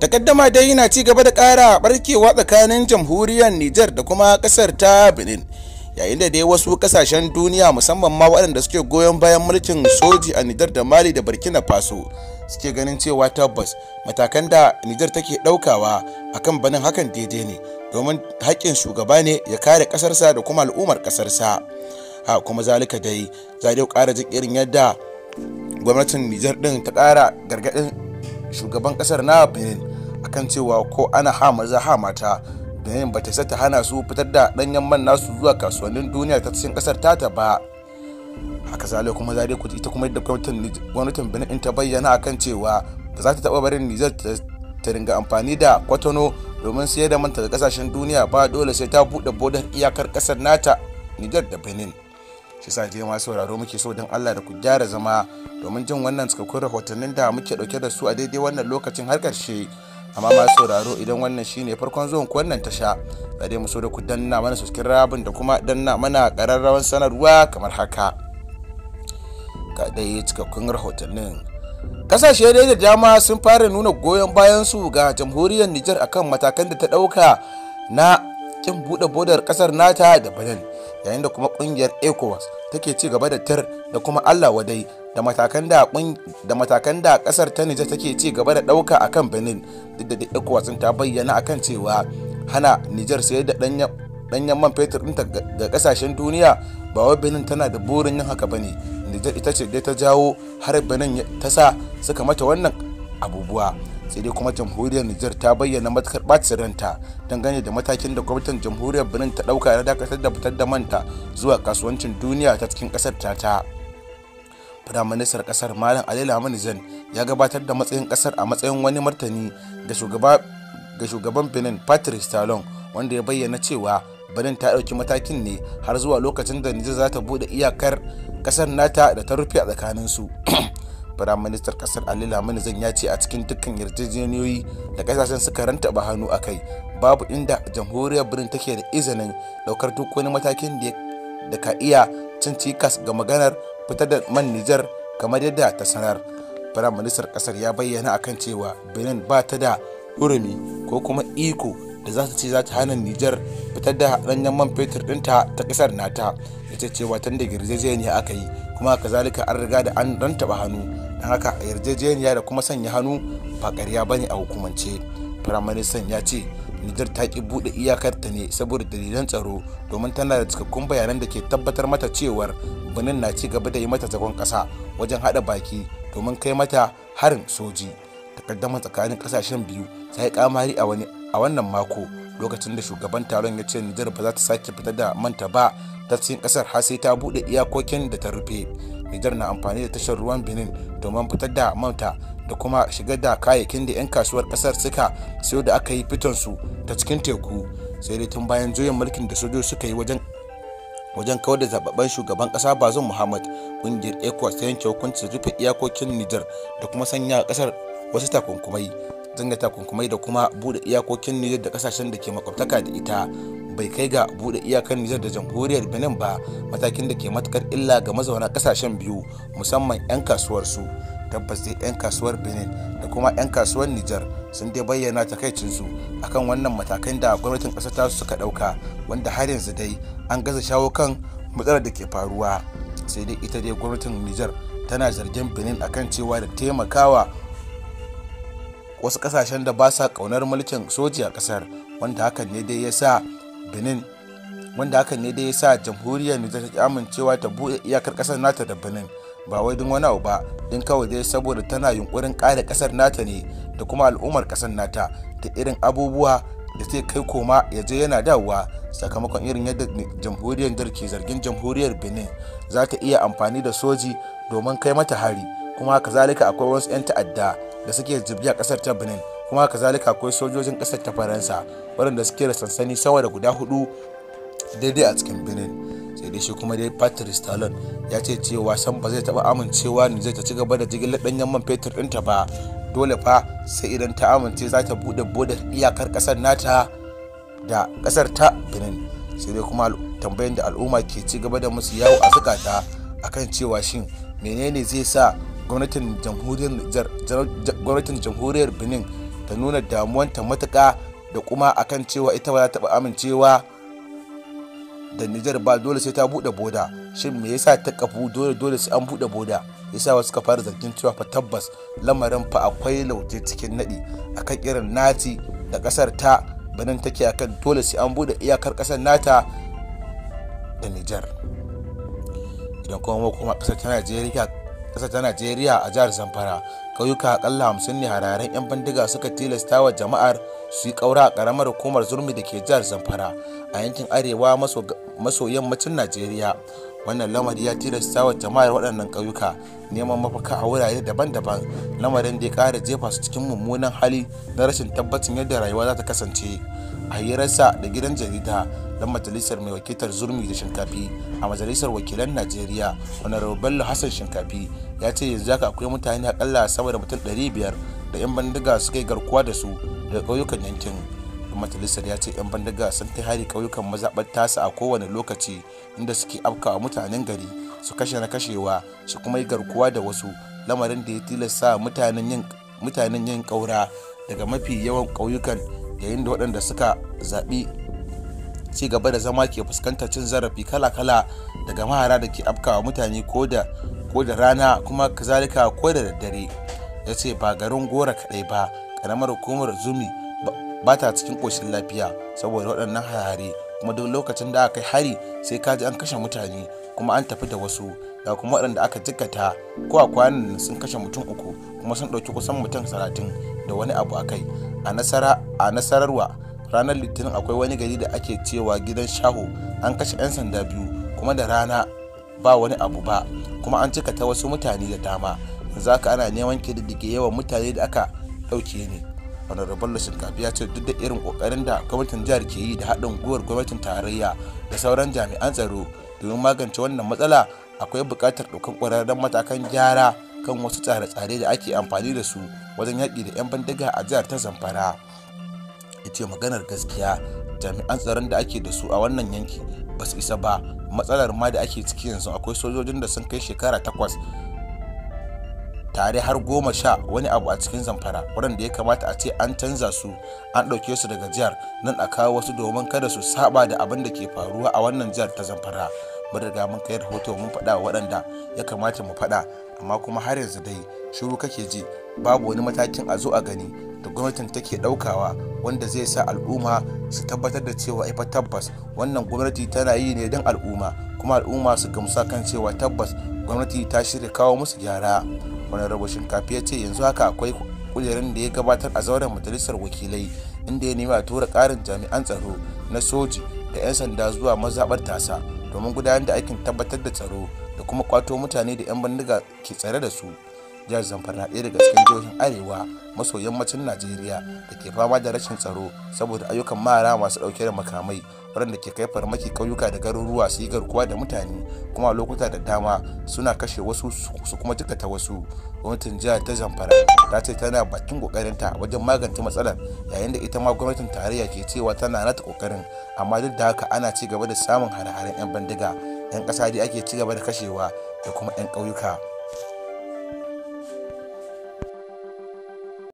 takaddama dai yana ci gaba da ƙara barkewa tsakanin jamhuriyar nijar da kuma ƙasar ta benin yayin da dai wasu ƙasashen duniya musamman ma waɗanda suke goyon bayan mulkin soji a nijar da mali da burkina faso suke ganin cewa tabbas matakan da nijar take ɗaukawa akan banin hakan daidai ne domin haƙƙin shugaba ne ya kare ƙasarsa da kuma al'ummar ƙasarsa ha kuma zalika dai za dai ƙara jin irin yadda gwamnatin nijar ɗin ta ƙara gargaɗin shugaban kasar na benin akan cewa ko ana ha maza ha mata benin ba ta sata hana su fitar da danyen man nasu zuwa kasuwannin duniya ta cikin kasar tata ba haka zale kuma zare ku ita kuma yadda gwamnatin benin ta bayyana akan cewa ba za ta taba barin nijar ta ringa amfani da kwatano domin sayar da manta da kasashen duniya ba dole sai ta buɗe bodar iyakar kasar nata nijar da benin shi sa je ma sauraro muke so don Allah da ku gyara zama domin jin wannan cikakkun rahotannin da muke dauke da su a daidai wannan lokacin har karshe amma ma sauraro idan wannan shine farkon zuwan ku wannan tasha da dai mu so da ku danna mana rabin da kuma danna mana kararrawan sanarwa kamar haka ga dai cikakkun rahotannin kasashe da da dama sun fara nuna goyon bayan su ga jamhuriyar Nijar akan matakan da ta dauka na kin buɗe bodar ƙasar nata da benin yayin da kuma ƙungiyar ecowas take ci gaba da tir da kuma allah wadai da matakan da ƙasar ta nijar take ci gaba da ɗauka a kan benin duk da ecowas ta bayyana akan cewa hana nijar sayar da ɗanyen man fetur ɗinta ga ƙasashen duniya ba wai benin tana da burin yin haka bane nijar ita ce dai ta jawo har benin ta sa suka mata wannan abubuwa sai dai kuma jamhuriyar nijar ta bayyana matukar bacin ranta dangane da matakin da gwamnatin jamhuriyar benin ta dauka na dakatar da fitar da manta zuwa kasuwancin duniya ta cikin kasar ta ta firaministan kasar malam ali lamani zan ya gabatar da matsayin kasar a matsayin wani martani ga shugaban benin patrice talon wanda ya bayyana cewa benin ta dauki matakin ne har zuwa lokacin da nijar za ta buɗe iyakar kasar nata da ta rufe a tsakaninsu firaministan kasar ali lamini zan ya ce a cikin dukkan yarjejeniyoyi da kasashen suka ranta ba hannu a kai babu inda jamhuriyar birnin take da izinin daukar duk wani matakin da ka iya cin cikas ga maganar fitar da man nijar kamar yadda ta sanar firaministan kasar ya bayyana akan cewa benin ba ta da hurumi ko kuma iko da za su ce za ta hana nijar fitar da ranyen man fetur ɗinta ta ƙasar nata ya ce cewa tun da yarjejeniya aka yi kuma kazalika an riga da an dan taɓa hannu don haka a yarjejeniya da kuma sanya hannu ba karya ba ne a hukumance firaministan ya ce nijar ta ƙi buɗe iyakarta ne saboda dalilan tsaro domin tana da cikakkun bayanan da ke tabbatar mata cewar benin na ci gaba da yi mata zagon ƙasa wajen haɗa baki domin kai mata harin soji takaddama tsakanin kasashen biyu sai kamari a a wannan mako lokacin da shugaban taron ya ce Nijar ba za ta sake fita da manta ba ta cikin kasar har sai ta bude iyakokin da ta rufe Nijar na amfani da tashar ruwan Benin domin fitar da manta da kuma shigar da kayayyakin da 'yan kasuwar kasar suka sayo da aka yi fiton su ta cikin teku sai dai tun bayan juyin mulkin da sojoji suka yi wajen wajen kawar da zababben shugaban kasa bazum muhammad kungiyar ecowas ta yanke hukuncin rufe iyakokin nijar da kuma sanya kasar wasu takunkumai zanga takunkumai da kuma bude iyakokin nijar da kasashen da ke makwabtaka da ita bai kai ga bude iyakar nijar da jamhuriyar benin ba matakin da ke matukar illa ga mazauna kasashen biyu musamman 'yan kasuwarsu tabbas dai 'yan kasuwar benin da kuma 'yan kasuwar nijar sun dai bayyana takaicinsu akan wannan matakan da gwamnatin ƙasar ta suka ɗauka wanda har yanzu dai an gaza shawo kan matsalar da ke faruwa sai dai ita dai gwamnatin nijar tana zargin benin akan cewa da taimakawa wasu kasashen da ba sa kaunar mulkin soji a kasar wanda hakan ne dai ya sa benin wanda hakan ne dai ya sa jamhuriyar nijar ta amincewa ta buɗe iyakar kasar nata da benin ba wai don wani abu ba don kawai dai saboda tana yunkurin kare kasar nata ne da kuma al'ummar kasar nata da irin abubuwa da zai kai koma ya je yana dawowa sakamakon irin yadda jamhuriyar nijar ke zargin jamhuriyar benin za ta iya amfani da soji domin kai mata hari kuma haka zalika akwai wasu 'yan ta'adda da suke jibgi a kasar ta benin kuma kazalika akwai sojojin kasar ta faransa waɗanda suke da sansani sama da guda hudu daidai a cikin benin sai dai shi kuma dai patrice talon ya ce cewa san ba zai taba amincewa ne zai ta ci gaba da jigilar danyen man fetur ɗinta ba dole fa sai idan ta amince za ta buɗe buɗe iyakar ƙasar nata da ƙasar ta benin sai dai kuma tambayan da al'umma ke ci gaba da musu yawo a zukata akan cewa shin menene zai sa gwamnatin jamhuriyar benin ta nuna ta matuka da kuma akan cewa ita ba za ta amincewa da nijar ba dole sai ta bude boda shin me yasa ta kafu dole dole sai an bude boda yasa wasu ka fara zargin cewa fa tabbas lamarin fa akwai lauje cikin naɗi akan irin nati da kasar ta benin take akan dole sai an bude iyakar kasar nata da nijar idan kuma kuma kasar ta najeriya ƙasar ta najeriya a jihar zamfara ƙauyuka akalla hamsin ne hararen 'yan bindiga suka tilasta wa jama'ar su yi ƙaura a ƙaramar hukumar zurmi da ke jihar zamfara a yankin arewa maso yammacin najeriya wannan lamari ya tilasta wa jama'ar waɗannan ƙauyuka neman mafaka a wurare daban-daban lamarin da ya ƙara jefa su cikin mummunan hali na rashin tabbacin yadda rayuwa za ta kasance a hirarsa da gidan jarida don majalisar mai wakiltar zurmi da shinkafi a majalisar wakilan najeriya wani bello hassan shinkafi ya ce yanzu haka akwai mutane akalla sama da mutum 500 da 'yan bandiga suka yi garkuwa da su daga ƙauyukan yankin majalisar ya ce 'yan bandaga sun ta hari kauyukan mazaɓar tasa a kowane lokaci inda suke afkawa mutanen gari su kashe na kashewa su kuma yi garkuwa da wasu lamarin da ya tilasta mutanen yin kaura daga mafi yawan kauyukan yayin da waɗanda suka zaɓi ci gaba da zama ke fuskantar cin zarafi kala-kala daga mahara da ke afkawa mutane ko da rana kuma kazalika ko da daddare ya ce ba garin gora kaɗai ba ƙaramar hukumar zumi ba ta cikin ƙoshin lafiya saboda waɗannan hare kuma duk lokacin da aka kai hari sai ka ji an kashe mutane kuma an tafi da wasu da kuma waɗanda aka jikata ko a kwanan sun kashe mutum uku kuma sun ɗauki kusan mutum salatin da wani abu a kai a nasara a nasararwa ranar litinin akwai wani gari da ake cewa gidan shaho an kashe 'yan sanda biyu kuma da rana ba wani abu ba kuma an cikata wasu mutane da dama zaka ana neman kididdige yawan mutane da aka ɗauke ne honorable shinkafi ya ce duk da irin kokarin da gwamnatin jihar ke yi da haɗin gwiwar gwamnatin tarayya da sauran jami'an tsaro domin magance wannan matsala akwai buƙatar ɗaukar ƙwararren matakan gyara kan wasu tsare-tsare da ake amfani da su wajen yaƙi da 'yan bindiga a jihar ta zamfara ita maganar gaskiya jami'an tsaron da ake da su a wannan yanki ba su isa ba matsalar ma da ake ciki yanzu akwai sojojin da sun kai shekara takwas tare har goma sha wani abu a cikin zamfara waɗanda ya kamata a ce an canza su an ɗauke su daga jihar nan a kawo wasu domin kada su saba da abin da ke faruwa a wannan jihar ta zamfara mun riga mun kai rahoto mun faɗa wa waɗanda ya kamata mu faɗa amma kuma har yanzu dai shiru kake ji babu wani matakin a zo a gani da gwamnatin take ɗaukawa wanda zai sa al'umma su tabbatar da cewa ifa tabbas wannan gwamnati tana yi ne don al'umma kuma al'umma su gamsu kan cewa tabbas gwamnati ta shirya kawo musu gyara wani rabu shinkafi ya ce yanzu haka akwai kujerin da ya gabatar a zauren majalisar wakilai inda ya nemi a tura karin jami'an tsaro na soji da 'yan sanda zuwa mazaɓar tasa domin gudanar da aikin tabbatar da tsaro da kuma kwato mutane da 'yan bindiga ke tsare da su jihar zamfara na ɗaya daga cikin jihohin arewa maso yammacin najeriya da ke fama da rashin tsaro saboda ayyukan mara masu ɗauke da makamai waɗanda ke kai farmaki ƙauyuka da garuruwa su yi garkuwa da mutane kuma lokuta da dama suna kashe wasu su kuma ta wasu gwamnatin jihar ta zamfara ta ce tana bakin ƙoƙarinta wajen magance matsalar yayin da ita ma gwamnatin tarayya ke cewa tana nata ƙoƙarin amma duk da haka ana ci gaba da samun hare-haren 'yan bindiga 'yan ƙasa dai ake ci gaba da kashewa da kuma 'yan ƙauyuka.